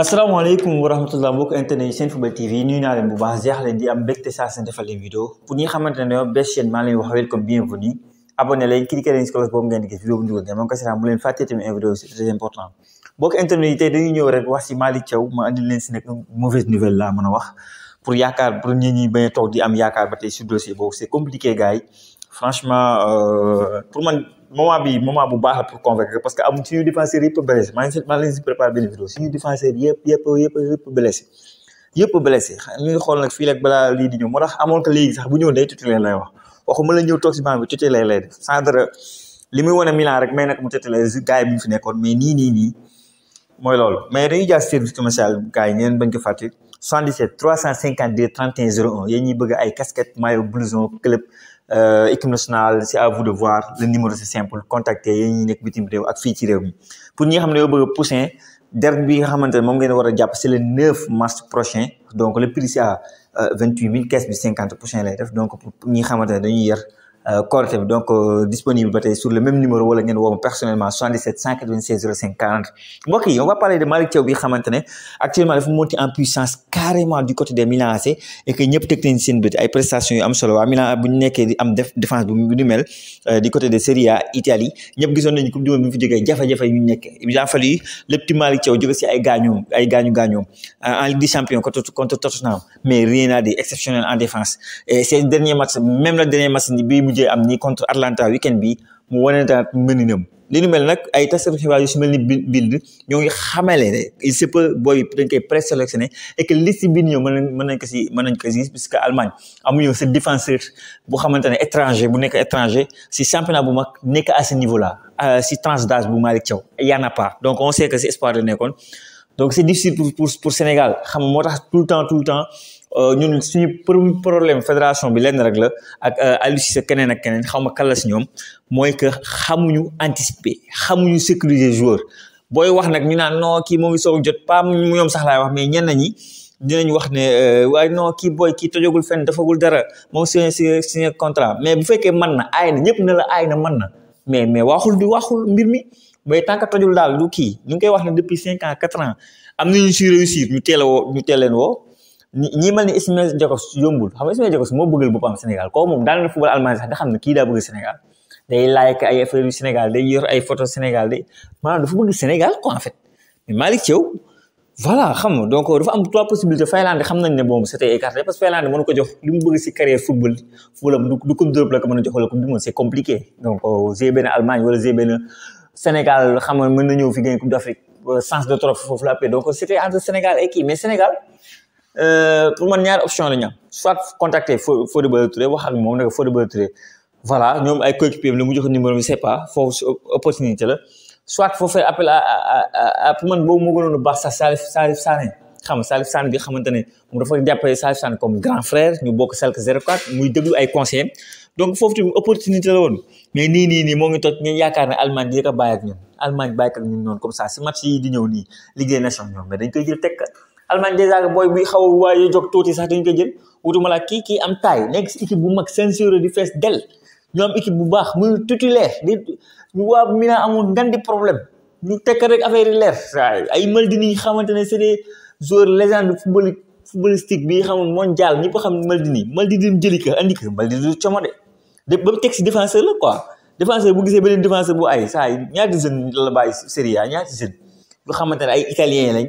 asalaamaaleykum wa rahmatulah mbokk internet yi Senfootball TV nuyu naa leen bu baax jeex di am mbégte saa seen defal leen vidéo pour ñi nga ne yow best wax si cloche boobu ma andil leen si nag mauvaise nouvelle laa mën a wax pour yaakaar pour ñi ñi bañ a toog di am yaakaar ba tey si dossier boobu c'est compliqué gars franchement euh, pour man. moment bi moment bu baax la pour convaincre parce que am suñu défenseurs yëpp blessé maa ngi si maa ngi si préparé benn yëpp yëpp yëpp yëpp blessé xool nag fii rek balaa lii di ñëw moo tax amoon ko léegi sax bu ñëw day titulaire lay wax waxuma la ñëw si banc bi titulaire lay def sans mais nii nii nii mooy loolu mais dañuy jaar service commercial gars yi ngeen bañ ko fàtte 77 352 31 01 yéen ñuy bëgg ay casquette maillot blouson club Euh, équipe nationale, c'est à vous de voir. Le numéro c'est simple. Contactez-vous. Pour nous dire que le prochain, dernier qui est le 9 mars prochain, c'est le 9 mars prochain. Donc, le c'est à 28 euh, 000 caisses de 50 prochaines lettres. Donc, pour nous dire que. Euh, Corte donc euh, disponible sur le même numéro wala ngeen personnellement 77 596 05 Ok, on va parler de Malik Thiaw bi Actuellement, il actuellement monter en puissance carrément du côté des Milan AC et que ñëpp teg nañ seen bët ay prestations yu am solo Milan bu ñu défense bu euh, du côté de Serie A Italie besoin de nañu coupe du monde fi jógee jafe ñu il a fallu le petit Malik Thiaw jóge si ay ay en Ligue des Champions contre contre Tottenham mais rien n'a d'exceptionnel exceptionnel en défense et ces derniers matchs même le dernier match bi mujjee am ni contre Atlanta weekend bi mu wane na mëninam li nu mel nak ay taskatu xibaar yu ci melni ni bind ñoo ngi xamale ne il se peut boy bi dañ koy sélectionné et que liste bi ñëw mën nañ mën nañ ko si mën nañ ko si gis puisque Allemagne amuñu sa défenseur bu xamante étranger bu nek étranger ci championnat bu mak nek à ce niveau là si tranche d'âge bu Malick Thiaw y en a pas donc on sait que c'est espoir de nekkoon donc c'est difficile pour pour Sénégal xam motax tout le temps tout le temps Euh, ñun suñu problème fédération bi lenn rek la ak euh, Aliou keneen ak keneen xaw ma kan si ñoom mooy que xamuñu anticiper xamuñu sécuriser joueur booy wax nag ñu naan non kii moom soog jot pas mu ñoom sax laay wax mais ñenn ñi dinañ wax ne euh, waaye non kii booy kii tojagul fenn dafagul dara moom signé signé contrat mais bu fekkee mën na aay na ñëpp ne la aay na mën na mais mais waxul di waxul mbir mi mais tant que tojul daal du kii ñu ngi koy wax ne depuis cinq ans quatre ans am ñu si réussir ñu teel a ñu teel leen woo. ñi mel ni Ismail Jakobs yombul xam nga Ismail Jakobs moo bëggal boppam Sénégal kooku moom daal na football Allemagne sax nga xam ne kii daa bëgg Sénégal day like ay ko jox li mu bëgg si carrière football du du coupe d'Europe la ko mën a jox du monde c'est compliqué donc euh, g benn wala g Sénégal xam nga na ñëw fi gagner coupe d'Afrique euh, sens de trophée foofu la paix donc c'était entre Sénégal et mais Sénégal Euh, pour man soit option la soit contacter contactez Touré wax ak Touré voilà nous ay coéquipier mu numéro c'est pas opportunité soit vous appel à Salif Salif Salif Salif comme grand frère 04 conseil donc faut opportunité mais ni ni ni ça Allemagne dèjà booy buy xaw a waaye jóg tuuti sax dañ ko jël wutuma la kii kii am taay nekk si équipe bu mag ceinture di fees del ñu am équipe bu baax muy titulaire di waa mina amul ngan di problème ñu tekk rek affaire yi leer ay Maldini yi xamante ne c'est des joueurs légende football footballistique bi xam mondial ñëpp xam Maldini Maldini jëli ko andi ko Maldini du como de de ba teg si défenseur la quoi défenseur bu gisee beneen défenseur bu ay saa ñaati jeune la bàyyi Serie A ñaati jeune bu xamante ne ay italien lañ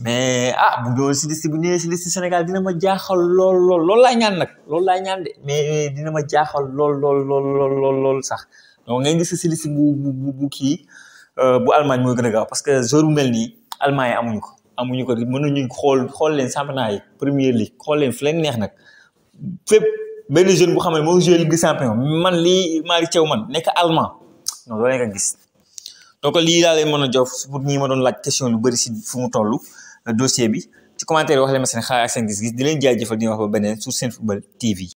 mais ah bu doon si liste bu ñëwee si Sénégal dina ma jaaxal lool lool loolu laa ñaan nag loolu laa ñaan de mais dina ma jaaxal lool lool lool sax donc ngay gis si bu bu bu kii euh, bu Allemagne moo gën a gaaw parce que jour bu mel nii Allemagne amuñu ko amuñu ko mënuñu xool xool leen championnat yi Premier League xool leen fu leen neex nag fépp benn jeune bu xam ne moo joué Ligue des Champions man lii maa Malick Thiaw man nekk allemand non loolu nga gis. donc lii laa leen mën a jox pour ñi ma doon laaj question lu bëri si fu mu toll dossier bi ci commentaire yi wax leen ma seen xalaat ak seen gis-gis di leen jaajëfal di wax ba beneen sur Senfootball TV.